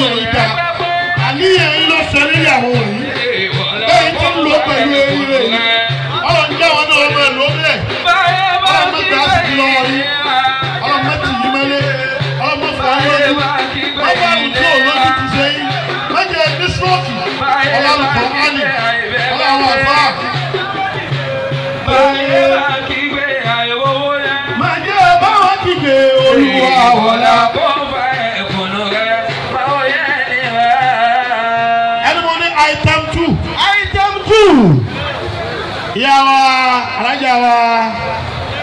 yìí ò dá àníyàn yín ló sọ lórí àwọn òní lẹ́yìn tó ń lò pẹ̀lú eyín rẹ̀ yìí ọlọ́run jẹ́ àwọn náà máa lò bẹ́ẹ̀ ọlọ́run mẹ́ta á sì lọ rí ọlọ́run mẹ́ta yìí mẹ́lẹ́ ọlọ́run mẹ́ta á lọ́dún ọba àwùjọ olójú ti ṣe yín mẹ́jẹ ní sọ́ọ̀tù ọlọ́run kan á olúwa wọlé àpọ̀. ìyá wa alájà wa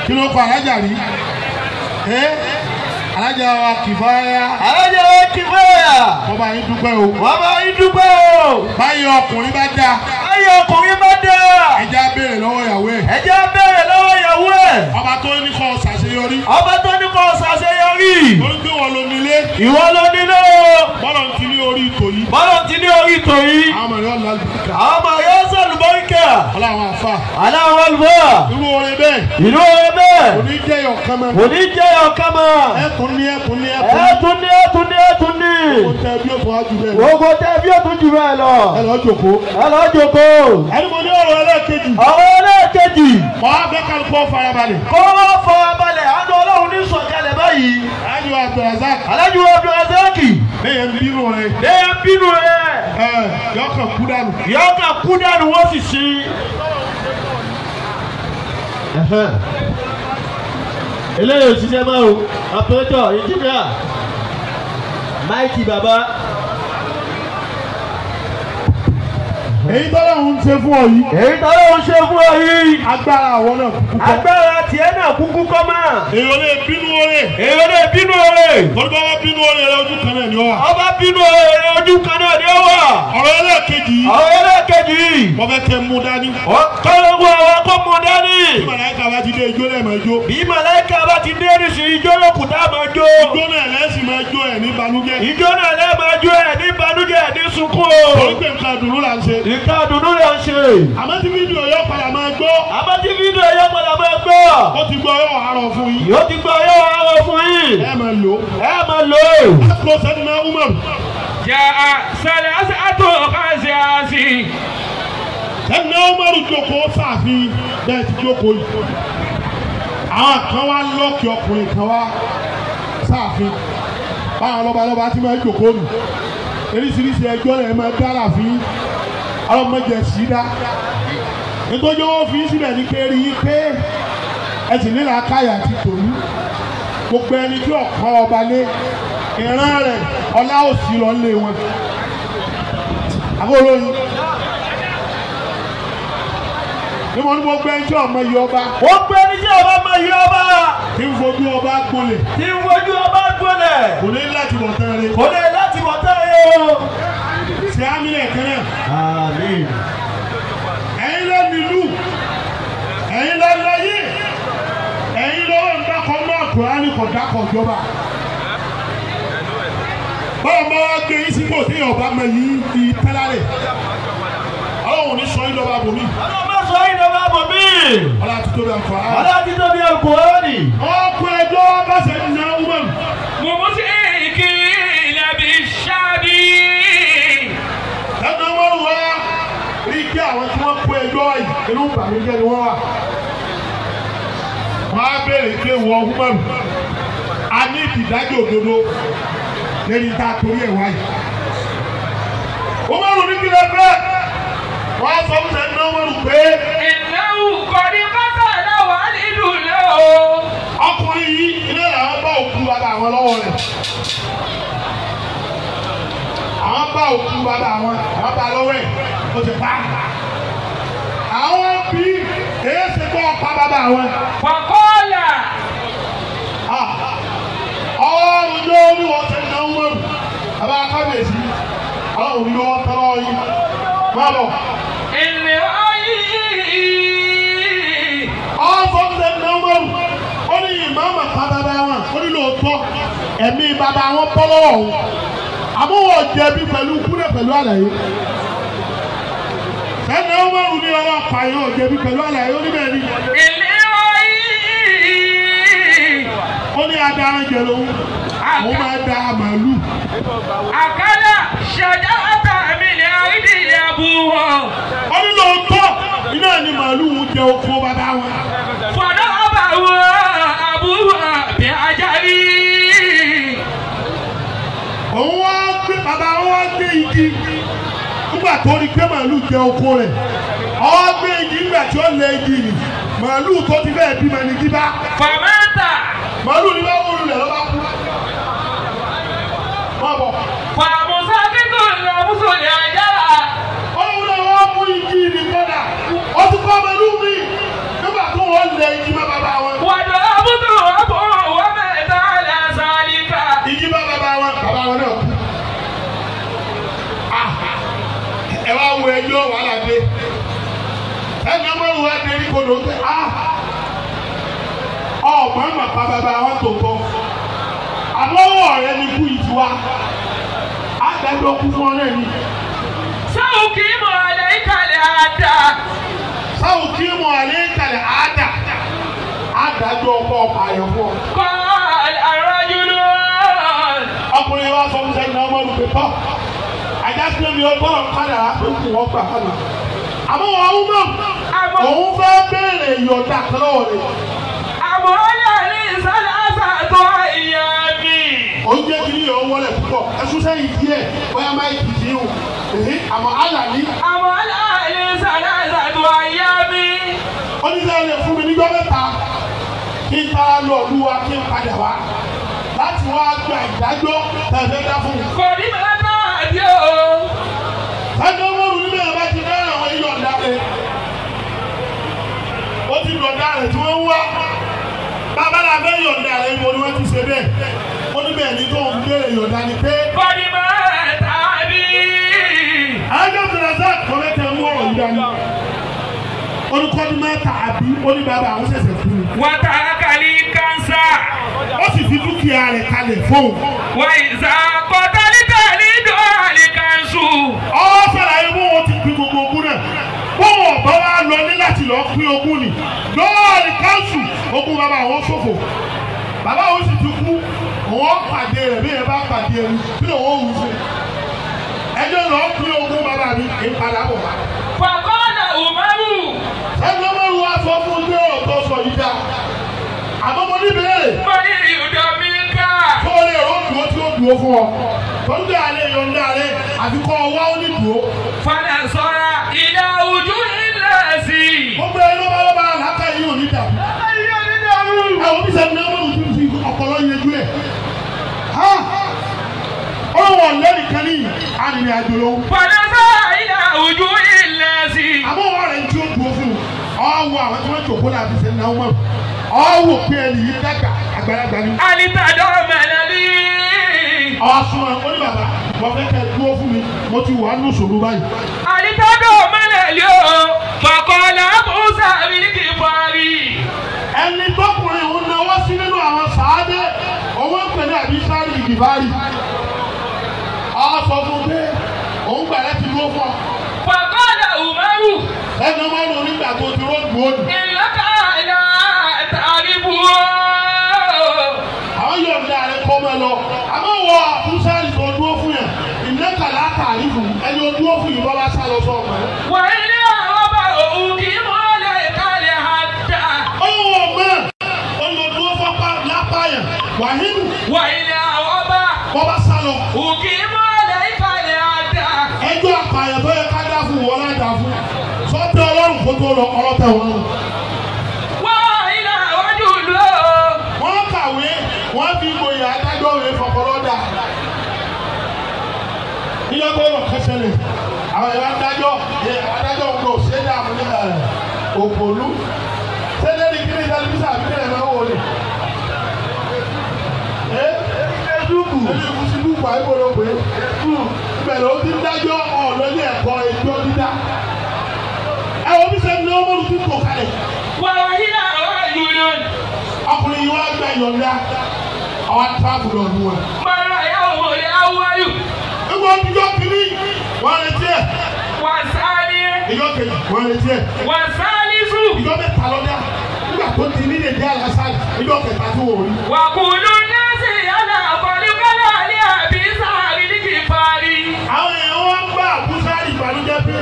kí ló kọ alájà rí ẹ alájà wa kìfáyà. alájà wa kìfáyà. wọ́n bá yín dúpẹ́ o. wọ́n bá yín dúpẹ́ o. báyọ̀ ọkùnrin bá dáa. báyọ̀ ọkùnrin bá dáa. ẹja béèrè lọ́wọ́ ìyàwó ẹ̀. ẹja béèrè lọ́wọ́ ìyàwó ẹ̀. ọba tó ní kọ́ ṣàṣeyọrí. ọba tó ní kọ́ ṣàṣeyọrí. torí pé wọ́n nílé. ìwọ lo nílé o. bọ́lọ̀ ti ní orí ìtòyí. bọ́lọ̀ ti ní orí ìtòyí. àwọn ọmọ rẹ̀ ọ̀ aláwọn afa. aláwọn alufa. irú oore bẹ́ẹ̀. irú oore bẹ́ẹ̀. kò ní jẹ́ yọ̀ kama. kò ní jẹ́ yọ̀ kama. ẹ̀tún ní ẹ̀tún ní ẹ̀tún. ẹ̀tún ní ẹ̀tún ní ẹ̀tún ní. ogun tẹ bí o tún ju bẹ́ẹ̀ lọ. ogun tẹ bí o tún ju bẹ́ẹ̀ lọ. ẹ lọ jòkó. ẹ lọ jòkó. ẹni mo ní ọ̀rọ̀ ẹlẹ́ẹ̀kejì. ọ̀rọ̀ ẹlẹ́ẹ̀kejì. mọ̀ á bẹ́ kálukú farabalẹ̀. kó farabalẹ̀ àánú ọlọ́run ní sọ̀kalẹ̀ báyìí. alájú abdulrasaq. alájú abdulrasaq ne ye n binu o ye. ne ye n binu o ye. ɛɛ y'aw ka kuda nu. y'aw ka kuda nu wo sisi. eléyìí ò ṣiṣẹ́ mọ́ o àpẹẹtọ̀ máìkì bàbá. èyí tọ́lá òun ṣe fún ọ yìí. èyí tọ́lá òun ṣe fún ọ yìí. agbára àwọn náà kúkú kọ́. agbára tiẹ̀ náà kúkú kọ́ máa. èrò lè bínú oore. èrò lè bínú oore. tọ́lá bá bínú oore rẹ ojú kan náà ni ó wà. ọba bínú oore rẹ ojú kan náà ni ó wà. ọ̀rọ̀ ẹlẹ́ẹ̀kejì. ọ̀rọ̀ ẹlẹ́ẹ̀kejì. wọ́n fẹ́ kẹ́ mú dání. kọ́lọ́ wọ àwọn kó mú dání. bí ìka dùnú rẹ̀ ń ṣe. àmọ́ fídíò yóò padà máa gbọ́. àmọ́ fídíò yóò padà máa gbọ́. ó ti gbọ́ yóò harọ̀ fún yín. yóò ti gbọ́ yóò harọ̀ fún yín. ẹ máa lò. ẹ máa lò. àpò sẹ́ni náà Umar. jà á sẹ́lẹ̀ á sì ọ̀ká ṣe á sí. sẹ́ni náà Umar jókòó sáàfin bẹ́ẹ̀ ti jókòó yìí. àwọn kan wá lọ́ọ̀kì ọkùnrin kan wá sáàfin báwọn lọ́balọ́ba ti máa jókòó nù eríṣiríṣi ẹjọ́ rẹ̀ máa dára fún yín ọlọ́mọdé ẹ̀sìn dá nítorí wọn fi sílẹ̀ ní kéré yìí pé ẹ sì nílò akáyà àti tòlú gbogbo ẹni tí ọ̀kan ọba lé ìran rẹ̀ ọlá òsì lọ lé wọn àbúrò yìí ni mo ní gbogbo ẹni tí ọmọ yìí ọba. gbogbo ẹni tí ọba ọmọ yìí ọba. kí n fojú ọba gbolè. kí n fojú ọba gbolè. kò ní láti bọ̀ tán re. kò ní láti bọ̀ tán re o sí àmì lẹ́ẹ̀kan náà. àmín. ẹ̀yin ló nílù ẹ̀yin ló lọ́yẹ̀ ẹ̀yin ló ń dákọ̀ mọ́ àkùránì kò dákọ̀ jọba. báwo máa wá gbé yín sípò tí yóò bá mọ yìí ti tẹ́lárẹ̀ ọlọ́run ní sọ yín lọ́ba bòmí. ọlọ́run sọ yín lọ́ba bòmí. ọlọ́run ti tóbi àkùránì. ọlọ́run ti tóbi àkùránì. ọkùnrin ẹjọ́ bá ṣe ń ná inú ìbànújẹ́ ni wọ́n wà. wọ́n á béèrè pé wọ́n húmọ́nù a ní ìdájọ́ òdodo lẹ́ni tá a torí ẹ̀ wáyé. húmọ́nù ní kílẹ̀ fẹ́ wọ́n á sọ fún sẹ́ni náà wọ́n rù pé. ìnáwó kọ́ni bàbá náà wà nílùú náà o. ọkùnrin yìí ilé làwọn bá òkú bàbá àwọn lọ́wọ́ rẹ̀ àwọn bá òkú bàbá àwọn àwọn lọ́wọ́ ẹ̀ ó ti pa á àwọn bí èsì kọ́ pa bàbá wọn. Fàkọ́là. Ọ̀run ló ní wọ́n ti ná ń wẹ̀rù. Bàbá Kábíyèsí, ọ̀run ló wọ́n tọ́lọ́ yín. Má bọ̀. Èlé ayé yìí. Ọ̀fọ̀ ti ná ń wẹ̀rù. Ó ní ìmáàmà pa bàbá wọn. Ó ní lóòótọ́ ẹ̀mí bàbá wọn bọ́ lọ́wọ́ òun. Àmúwọ̀ jẹ̀bi pẹ̀lú kúrẹ́ pẹ̀lú àlàyé ẹni ọmọ òun ni ọwọ́ apààyàn òjèbí pẹ̀lú àlàyé oníbẹ̀ ni. èmi ò yí. ó ní adarí jẹ̀lú òun máa da màálù. àkàdà ṣẹ̀dá ọ̀tá mi ni àrídì ìyàbù wọ. ó ní lóòótọ́ iná ni màálù ń jẹ oko bàbá wọn. fọdọ́ ọba wo àbúrò àbí ajá òun wá bàbá wọn wá igi nígbà tó rí pé màálù jẹ oko rẹ̀ ọgbẹ́ igi nígbà tí ó lẹ igi nì màálù tó ti fẹ́ bí màálù igi bá. fàmẹ́tà. màálù ni wọ́n wúlò lẹ̀ lọ́ba kú. mọ̀ bọ̀. fàmùsọ̀ kíkọ̀ lọ́mùsọ̀ ló ń tẹ̀ á ọmọ ẹ̀ mà pa bàbá wọn tó tọ́ àmọ́ wọ̀ ọ̀rẹ́ ni kú ìtú wa á dàbí fún ọ náà ni. sáwù kì í mọ̀ àlẹ́ ìkàlẹ̀ àdá. sáwù kì í mọ̀ àlẹ́ ìkàlẹ̀ àdá adájọ́ ọkọ ọkọ àyẹ̀wò. kọ́ àrọ́júlù. ọkùnrin wa sọ fún sẹ́yìn náà ọmọ olùgbé tọ́. àjàsílẹ̀ mi ò gbọ́dọ̀ padà pé kò wọ́n gbà kánà. àmọ́ wọn ọ̀hún náà òun fẹ́ béèrè ìyọ̀dà kan náà rẹ̀. àmọ́ yàrá ìsọ̀lá àtàtọ̀ ìyá mi. ó jẹ́ kí yóò wọlé púpọ̀ ẹṣú sẹ́yìn díẹ̀ bóyá máa ti di o àmọ́ àlàní. àmọ́ yàrá ìsọ̀lá àtàtọ̀ ìyá mi. ó ní sẹ́yìn lè fún mi níjọ́ mẹ́ta kí n ta lọ lu wa kí n padà wá láti wá gba ìdájọ́ tẹ̀lé dá fún mi. kò ní bàtà àdé ti yọ̀ǹda rẹ̀ tí wọ́n wá bàbá la fẹ́ yọ̀ǹda rẹ̀ mo ni wọ́n ti ṣe bẹ́ẹ̀ mo ní bẹ́ẹ̀ ni tó ń béèrè yọ̀ǹda ni pé. bọ́dí máa tàbí. ayé fúnraṣà kọ́lé tẹ mú ọ̀rọ̀ yíyá ni orúkọ ni máa àbí ó àwọn ṣẹ̀ṣẹ̀ fún mi. wà kàlí kánsá. ó sì fi dúkìá rẹ̀ kalẹ̀ fóun. wà ìzàkọ̀ tálítàlí bọ́wọ̀ bá wà lọ ní láti lọ pín ogún ni lọ́ọ̀rì káńsù ogún bàbá àwọn ṣòfò bàbá àwọn sì ti kú òun pàdé rẹ̀ bí ẹ bá pàdé ẹni bí òun òun ṣe ẹjọ́ lọ pín ogún bàbá mi kì í padà bọ̀ wá. fàkọ́nà òmárù. ẹgbẹ́ mọ́rù wá sọ fún gbé ọ̀tọ̀ sọ yìí dá àmọ́ mo ní bẹ́ẹ̀. mo ní ìrìndọ̀ mi ká. tó o lè rò dúró tí ó dúró fún ọ. tó ń gbé alẹ́ yọ̀ ń dá alẹ́ àti kọ́ ọ wá ó yóò ní dàrú. àwọn bí sẹ́ni náà wọ́n fi ọ̀pọ̀lọ́ yẹjú ẹ̀. ọlọ́wọ́ lẹ́nu kan ní àjò ló. fàdásá ìyá ojú ilẹ̀ sí. àmọ́ wọn rẹ̀ ń tí ó dùn fún un ọwọ́ àwọn tí wọ́n jòkó láti sẹ́ni náà wọ́n ọwọ́ pé ẹni yìí dàgbà àgbàlagbà ni. alita dọ́ọ̀mẹ́lẹ́lì. ọ̀sùn oníbàbà mo fẹ́ kẹ́ dúró fún mi mo ti wà nù sòrò báyìí. àlítọ́dọ̀ mọ́lẹ̀lẹ́ o fọkànlá musa mílíkì buhari. ẹni tọkùnrin òun náwó sí nínú àwọn sàádé owó ń pè ní àbísárì ìdìbárì. àwọn sọ fún pé òun gbàlẹ́ ti dúró fún ọ. fọkànlá umaru. ẹnu máa ń lò ti rọ́ọ̀dù òdì. ìlọ́kà ìlà tàbí bu o. àwọn yóò ní àrẹ kọ́ mọ́ lọ àmọ́ wọ àfúsá kà látàrí fún ẹni ojú òfin yìí bọ́lá sá lọ sọ́ọ̀mù. wà á ní àwọn ọba òun kì í mọ́ ọ́nà ìkàlẹ̀ àdá. ọ̀hún ọ̀gbẹ́ ọ̀nà ojú òfin lápáyà wàhíìmù. wà á ní àwọn ọba. bọ́lá sá lọ. òun kì í mọ́ ọ́nà ìkàlẹ̀ àdá. ẹjọ́ àpàyàn tó yẹ ká dá fún wọn lájà fún sọ́tẹ́ ọlọ́run kó tó lọ ọlọ́tẹ̀ wọn lọ. wọ́n kàwé wọ́n fi ìgboyà adájọ́ rẹ̀ fọ̀kọ̀rọ̀ àwọn ìwà adájọ́ adájọ́ ń lò ṣé dààmú ní òpòlú ṣé lẹ́ni kí ni tẹlifíṣàn àbí kílẹ̀ máa ń wọlé. ẹ̀ẹ́dùkù ẹ̀ẹ́dùkù sí lùkù àìkòló pé ìbẹ̀rẹ̀ hmm. ó ti ń dájọ́ ọ̀lọ́ ní ẹ̀kọ́ ẹjọ́ dídá. ẹ wo bí sẹ́ni lọ́wọ́ mọ́lù tún kò kalẹ̀. wà á yí àwọn ìlú rẹ̀. ọkùnrin yìí wá gba ìyọ̀ǹda àwọn àtàkùn lọ́dún wọn. máa yà wọlé awáyù wọn bí yóò kiri wọn lè tiẹ̀. wà sáré. ìjọ kejì wọn lè tiẹ̀. wà á sáré sùn. ìjọ mẹ́ta lọ́dà nígbà tó ti nílẹ̀ dé àlàsà ìjọ kẹta tó wò rí. wà á kúlú náà sì yàrá àkọlé kọ́lá ní àbí sáré ní kì í parí. àwọn èèyàn wọn gbà àbúsárì ìbànújẹ́ pé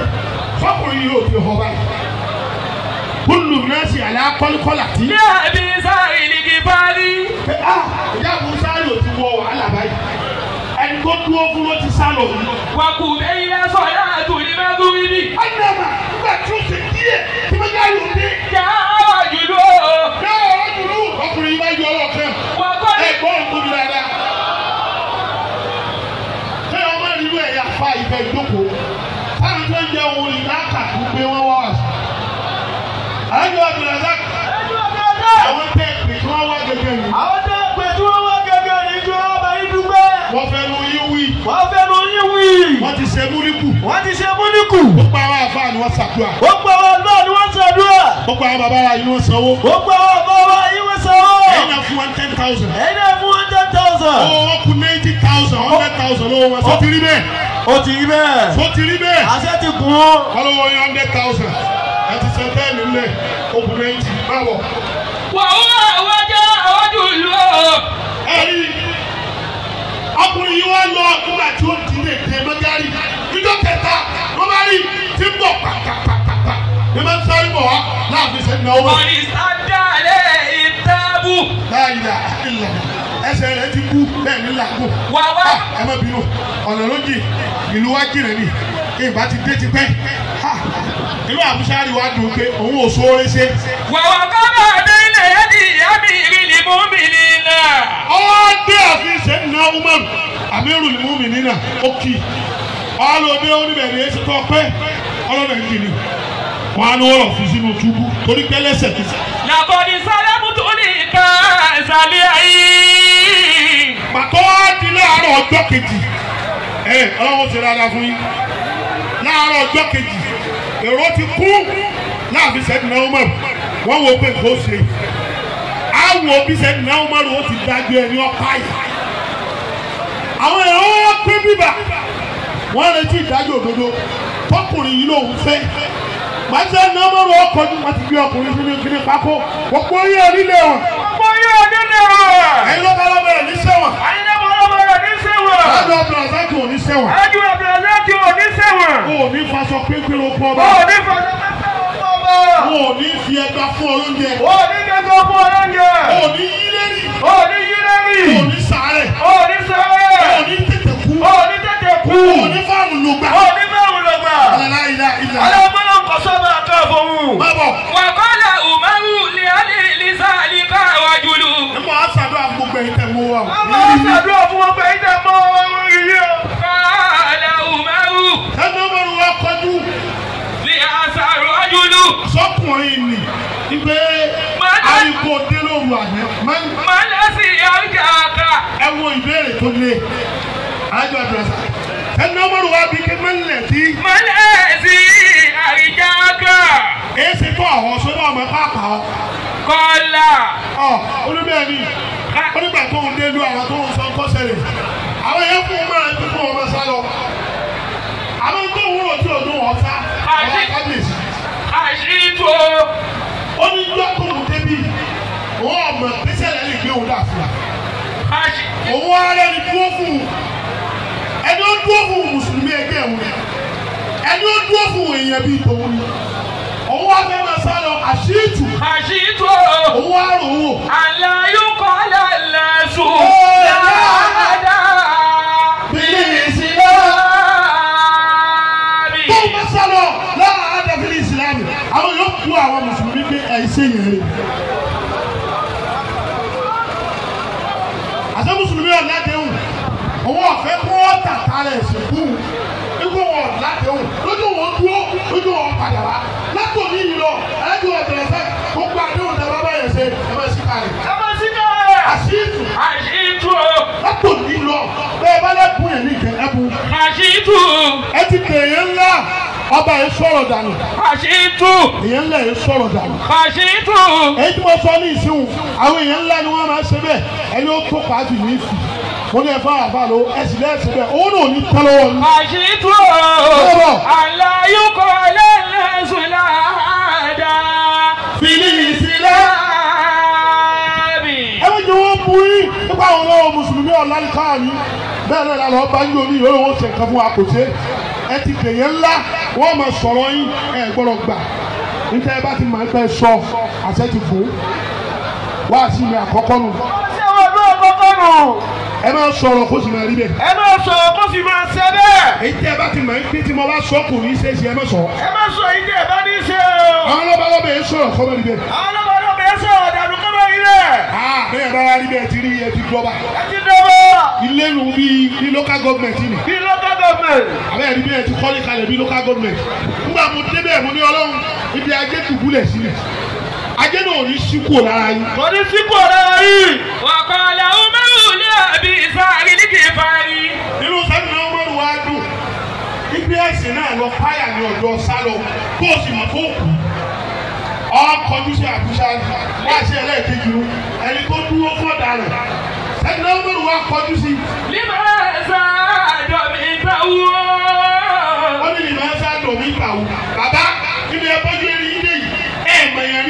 sọkùnrin yóò fi hàn báyìí kúlù náà sì àlẹ́ akọ́lékọ́lá tí. ní àbí sáré ní kì í parí. pé a ah, ìyá àbúsárì ò ti wọ wàhálà b tó dúró fún ló ti sá lọ. wà kù bẹ́yìn lásán náà tó ní bá tó rí ni. wọ́n ní nígbà tí ó ṣe díẹ̀ tí wọ́n yá lò yà á wà jùlọ. yà á wà jùlọ. ọkùnrin yìí bá yọ ọwọ́ kan. wà á kọ́ ẹ gbọ́ ọ̀tún mi dáadáa. ṣé ọmọ ìlú ẹ̀yà fa ìfẹ́ ìjókòó? táwọn tó ń jẹ òun ìlà kàkú pé wọ́n wá wà sí. àjọ àbúrò àwọn tẹ́ẹ̀pì tí wọ́n wá gẹ́gẹ́ yìí. wọ́n fẹ́nu yín wí. wọ́n ti ṣe múlíkù. wọ́n ti ṣe múlíkù. gbogbo àwọn àfa ni wọ́n ṣàdúrà. gbogbo àwọn àfa ni wọ́n ṣàdúrà. gbogbo àwọn bàbá wa yìí wọ́n sanwó. gbogbo àwọn bàbá wa yìí wọ́n sanwó. ẹ̀yin fún wọn ten thousand. ẹ̀yin náà fún wọn ten thousand. ó wọ́n kú ninety thousand hundred thousand lówó wọn sọ ti rí bẹ́ẹ̀. ó ti rí bẹ́ẹ̀. sọ ti rí bẹ́ẹ̀. àṣẹ ti kún. kọ́lọ́wọ́ yín hundred thousand. ẹ ti sọ bẹ́ẹ̀ nílẹ̀ ogun ninety báwọ̀. wà á wá àwájá àwájú ìlú ọ̀. ẹ̀rí ọkùnrin yìí wọ́n lọ nígbà tí ó di lè dé mọ́gárì níjọ́ kẹta wọ́n bá rí tí ń bọ̀ pàtàpàtàpà ní bá ń sáré bọ̀ wá láàfin sẹ́ni náà wọ̀. ọ̀rìn sádàlẹ̀ ìtàbù. báyìí la ẹsẹ̀ rẹ̀ ti kú bẹ́ẹ̀ ní làágùn. wà wá. Ah, ẹ má bínú ọ̀nà ló jì ìlú wa jìnnà ni ìbá ti dé ti pẹ́. inú ah, àbúṣárì wa dùn pé òun ò sóore ṣe. wà kọ́ bá yẹ́dì amírì ni múmìnì náà. ọwọ́ dé àfin ṣe ń na umar amírù ni múmìnì náà ó kì í ọlọ́dẹ oníbẹ̀rẹ̀ yẹn ṣe tọ́ pẹ́ ọlọ́dẹ kì í wọn á ní wọ́n lọ fi sínú túbú torí pé lẹ́sẹ̀kẹsẹ̀. làbọ̀dì sálámù tó ní ìka ìsàlẹ̀ ayé. pàtó di láàárọ̀ ọjọ́ kejì ẹ ọlọ́run ṣe dáadáa fún yín láàárọ̀ ọjọ́ kejì èrò ti kú láàfin sẹ́dínà ọmọ rẹ̀ wọ́n wo pé kò ṣe àwọn òbí sẹ́ni náà wọ́n mọ̀rọ̀ ó ti dájú ẹni ọ̀pá yìí àwọn èèyàn wọ́n pín bíbà wọ́n retí ìdájọ́ òdodo tọkùnrin yìí lòun fẹ́ màtí ẹni náà mọ̀rọ̀ ọkọ̀ ní wọ́n ti gbé ọkùnrin sínú kíní pákó gbogbo yìí ò nílé wọn. gbogbo yìí ò nílé wọn. ẹ̀yin ló bá lọ́bẹ̀rẹ̀ ní sẹ́wọ̀n. ẹ̀yin ló bá lọ́bẹ̀rẹ̀ ní sẹ́wọ̀n. ẹ̀dùn abdulrasaki ò ní sẹ́wọ̀n. ẹ̀dùn abdulrasaki ò ní sẹ́wọ̀n. o ò ní faṣọ pínpín ló pọ̀ bá. o ò ní faṣọ Wọn ò ní fi ẹgbàá fún ọ lóúnjẹ. Wọn ò ní fi ẹgbàá fún ọ lóúnjẹ. ò ní yí lẹ́yìn. Wọn ò ní yí lẹ́yìn. ẹ wo ìbéèrè tó lé àjọ àdùrọ̀sà ẹni ọmọrù wa bí kí mọ́lẹ̀ sí. mọ́lẹ̀ sí àríjà ọkọ̀. èyí ṣe tó àwọn sódà ọmọ pápá ọ. kọ́lá. ọ olùbẹ̀rẹ̀ mi onígbà tó ń dé lu àwọn tó ń sọ nǹkan ṣẹlẹ̀ àwọn yẹn fún un máa ń dúró ọmọ sá lọ àwọn tó wúrò tí ò dún wọn sá àwọn akábíyèsí. àṣírí tó. ó ní yọkùnrin débi wọn ọmọ pẹsẹ rẹ lè gbé òun dà fún wa òun ara ni dúró fún un ẹni ó dúró fún un mùsùlùmí ẹgbẹ́ òun ni ẹni ó dúró fún un èèyàn bíi tòun ni òun wá fẹ́ máa sá lọ àṣìtù àṣìtù òun wá rò wò. àlàyé kọ́ lálẹ́ sùn dáadáa. àtúndì wọn padà wá látò ní ìlú lọ ẹ̀ẹ́dùn ọ̀bẹ̀rẹ̀ fẹ́ gbogbo àdéhùn tẹ bá báyẹn ṣe ẹ bá sí kárẹ̀. ẹ bá sí kárẹ̀. àṣìtù. àṣìtù. látò ní ìlú lọ bẹ́ẹ̀ bá lẹ́kùn yẹn ní ìjẹ ẹ̀bù. àṣìtù. ẹ ti tẹ̀yẹ ńlá ọba yìí sọ̀rọ̀ dànù. kàṣítù. èyàn ńlá yìí sọ̀rọ̀ dànù. kàṣítù. èyí tí mo sọ ní ìsìn àwọn èèyàn ńlá ni wọ́n máa ṣe bẹ́ẹ̀ ẹni ó tó pàápàá mo ní ẹ̀fọ́ àbá ló ẹ̀sìn lẹ́sìn bẹ́ẹ̀ òun náà ní tán lọ́wọ́ mi. àṣìtú àlàyúkọ lẹ́lẹ́sùn láàdá fìlí ìsìlẹ̀. ẹ méjì wọ́n bu yín nípa àwọn ọmọ mùsùlùmí ọ̀làlùkà ni bẹ́ẹ̀ náà làlọ́ bá ń yọrí ìwé wọn ṣe nǹkan fún wa kò ṣe ẹ ti dèyẹ ńlá wọ́n máa sọ̀rọ̀ yín ẹ gbọ́dọ̀ gbà níta ẹ bá ti máa ń pẹ́ sọ àṣẹ ti fò wá sí mi àkọ́kọ́ nù. ṣé wọn ló àkọ́kọ́ nù? ẹ máa sọ̀rọ̀ kó sì máa rí bẹ́ẹ̀. ẹ máa sọ̀rọ̀ kó sì máa ṣe bẹ́ẹ̀. èyí tí ẹ bá ti máa ń pín tí mo bá sọ kò ní í ṣe é ṣe ẹ má sọ. ẹ má sọ èyí tí ẹ bá ní ṣe o. àwọn lọ́balọ́bẹ̀ yẹn sọ̀rọ̀ kọ́ bẹ́ẹ̀ rí bẹ́ẹ̀. àwọn lọ́balọ́bẹ̀ yẹn sọ̀rọ̀ dànù kọ́ bẹ́ẹ̀ rí bẹ́ẹ̀. bẹ́ẹ̀ bá rí bẹ́ẹ̀ ti rí ẹ ti dọ́ba. ẹ ti dọ́ba. ilé nu bí bí local government ni. bí local government. àbẹ́ rí bẹ́ẹ̀ ti kọ́lé kalẹ̀ bí local government. nígbà mo débẹ̀ mo ní ọlọ́run ibi ajé tùbúlẹ̀ sílẹ̀ ajé náà ò ní síkò lára yín àbí ìsáàrí ní kì í parí. inú sẹ́mi náà wọ́n wá dùn ibi ẹ̀sìn náà lọ páyà ní ọ̀dọ́ sálọ kó o sì mọ̀ tó kù ọkọjú sí àbúṣá láti ẹlẹ́ẹ̀kejì o ẹni tó dúró fọ́dà rẹ̀ sẹ́mi náà wọ́n wá kọjú sí. nígbà ẹ̀sà àjọ mi ìgbà wo. wọ́n ní ìgbà ẹ̀sà àjọ mi ìgbà wo bàbá kí ni ẹ bá gbé ẹni yín dé yìí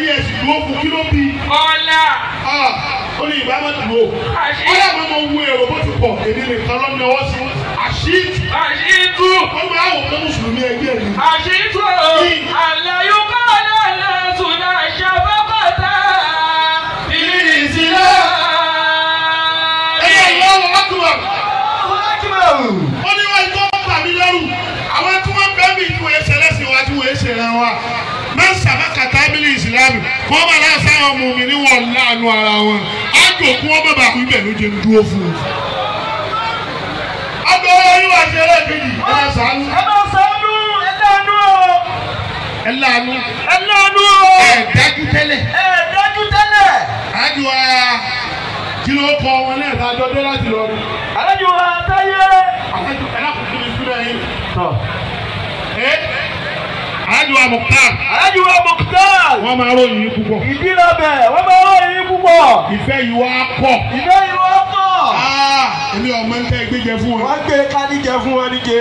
ẹ̀ẹ̀mọ̀ torí ìbámu tù ó ọlọ́mọ mo wu èrò bó ti pọ̀ èmi nìkan lọ́mọ ọwọ́ sí wọn. àṣìtú àṣìtú wọ́n máa wò pé mùsùlùmí ẹgbẹ́ mi. àṣìtú àlẹ́ yóò bá ọ̀nà ẹ̀sùn náà ṣàbọ̀kọ̀tà ìrìnsílẹ̀. ẹ̀yẹ ìlọ́wọ́ akúmọ̀. ó ní wọ́n tó ń bà mí lẹ́rù àwọn tí wọ́n bẹ́ẹ̀ mi ìwé ṣẹlẹ́sìn wájú wọ́n ṣe ra wa mẹ́sàn-án ìsìlámù wọ́n máa láṣà àwọn mùmí ní wọ́n láàánú ara wọn ájò kún ọmọ bàbá ibẹ̀ ló jẹ́ dúró fún un. ọgbẹ́ oyún wà sí ẹlẹ́gbẹ̀jì ẹ máa sàánú. ẹ máa sàánú ẹ láàánú o. ẹ láàánú. ẹ láàánú o. ẹ dájú tẹ́lẹ̀. ẹ dájú tẹ́lẹ̀. àjò wa kí ló kọ wọn náà ká jọ dé láti lọ. àjò wa táyé. àjò ẹ̀rọ kò tóbi sílẹ̀ yìí. ẹ alájú wa Mukhtar. alájú wa Mukhtar. wọ́n máa ròyìn yín púpọ̀. ìdí lọ bẹ̀ wọ́n máa ròyìn yín púpọ̀. ìfẹ́ yìí wá pọ̀. ìfẹ́ yìí wá pọ̀. Ah, èmi ọmọ ntẹ gbé jẹ fún wọn. wọ́n gbé kálí jẹ fún wọn níje.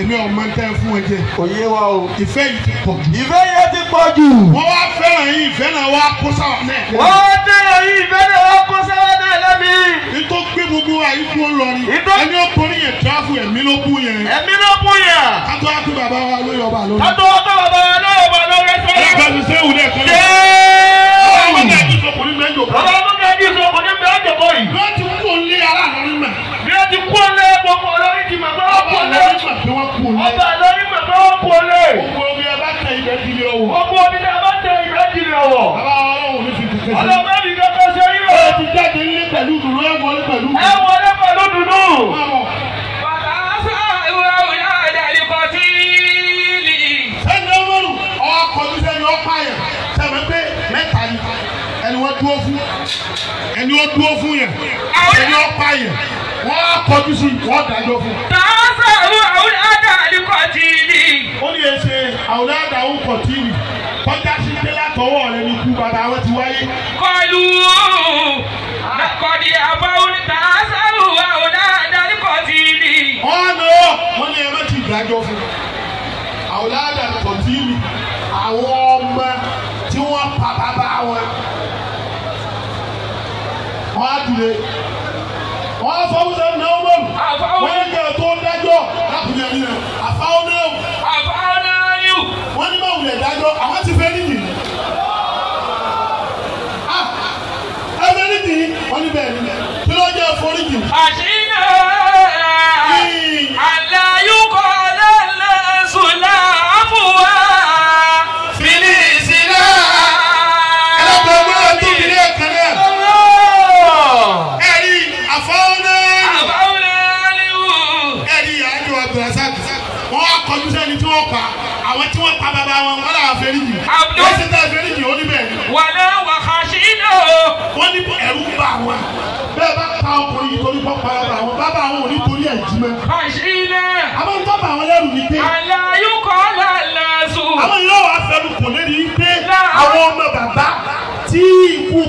èmi ọmọ ntẹ fún wọn jẹ. kò yé wa o. ìfẹ́ yìí ti pọ̀ jù. ìfẹ́ yìí ti pọ̀ jù. wọ́n wá fẹ́ràn yín ìfẹ́ náà wá kó sáwọn náà. wọ́n fẹ́ràn yín ìfẹ́ náà wá kó sáwọn náà ẹlẹ́bi. Ìtò gbé gbogbo àyíkú olórin. Ìtò ẹni ọkùnrin yẹn tíráfù ẹ̀mí ló bú yẹn. Ẹ̀mí ló bú yẹn. Kátó wá pé bàbá wa lórí ọba lórí. Kátó wá pé bàbá wa lórí ọba lórí ẹsẹ̀. Ẹ gbàgbé sẹ́wù náà kọ́lé. Bàbá mi kẹ́ ẹ̀jú sọkùnrin mẹ́jọ bọ̀. Bàbá mi kẹ́ ẹ̀jú sọkùnrin mẹ́jọ bọ̀ yìí. Bí wọ́n ti kú olé ara lórí mẹ́. Bí wọ́n ti kú olé gbogbo olórí ti màmá wọn kú olé. Ọba lórí màmá wọn kú olé. Gbogbo omi ẹ bá tẹ ìbẹ́ ẹni ó dúró fún yẹn ẹni ó pa yẹn wọ́n á kọjú sí wọ́n dájọ́ fún. tààfà àwọn àwòládà àdìkọ̀ tìlì. ó ní ẹsẹ̀ àwòládà àdìkọ̀ tìlì kọjá sí pé látọwọ́ rẹ ní ikú bàbá wọn ti wáyé. kọlu kọ̀dí àbáwọn tààfà àwòládà àdìkọ̀ tìlì. ọ̀nà wọn ni ẹ ti dájọ́ fún. àwòládà àdìkọ̀ tìlì àwọn ọmọ tí wọ́n pa bàbá wọn wọ́n á dùn lé wọ́n á fọwọ́ sẹ́yìn náà wọ́n mọ̀ wọ́n yẹ kẹ́ tó dájọ́ lápùlẹ̀ yìí rẹ̀ àfáwọn náà àfáwọn náà yù wọ́n ní báwọn lè dájọ́ àwọn ti fẹ́ nìyí ah, ẹ fẹ́ nìyí wọ́n ní bẹ́ẹ̀ ni kí ló jẹ́ foríjì. àṣìyàn àlàyé.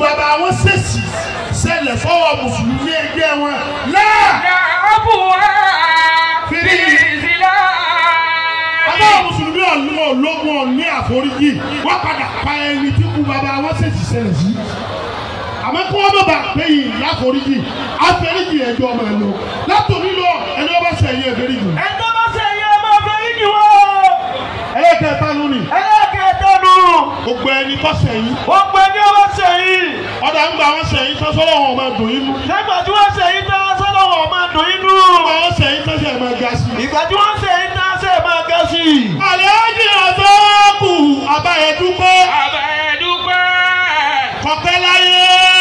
bàbá wọn ṣèṣì ṣẹlẹ̀ fọwọ́ mùsùlùmí ẹgbẹ́ wọn náà. àbúwá fìdí ìsìlá. bàbá mùsùlùmí ọ̀nà ológun ọ̀ní àforíjì wọ́n padà pa ẹni tí kú bàbá wọn ṣèṣì ṣẹlẹ̀ sí. àmọ́ kí wọ́n má bàa pé yìí láforíjì àforíjì ẹjọ́ ọmọ ẹ̀ lọ látòmí lọ ẹni ọba ṣẹ̀yẹ ẹ̀fẹ́ríjì. ẹni ọba ṣẹ̀yẹ ọmọ ẹ̀fẹ́ríjì gbogbo ẹni tó sẹ́yìn. gbogbo ẹni tó sẹ́yìn. ọ̀dà ń gba àwọn sẹ́yìn tó sọ́dọ̀ wọn máa dùn inú. nígbà tí wọ́n sẹ́yìn tó sọ́dọ̀ wọn máa dùn inú. ìgbà wọn sẹ́yìn tó sẹ́ máa ga sí. ìgbà tí wọ́n sẹ́yìn tó sẹ́ máa ga sí. àlẹ́ ẹ̀jẹ̀ ọ̀dọ́ kù àbáyé dúpẹ́. àbáyé dúpẹ́. kọ̀pẹ́ láyé.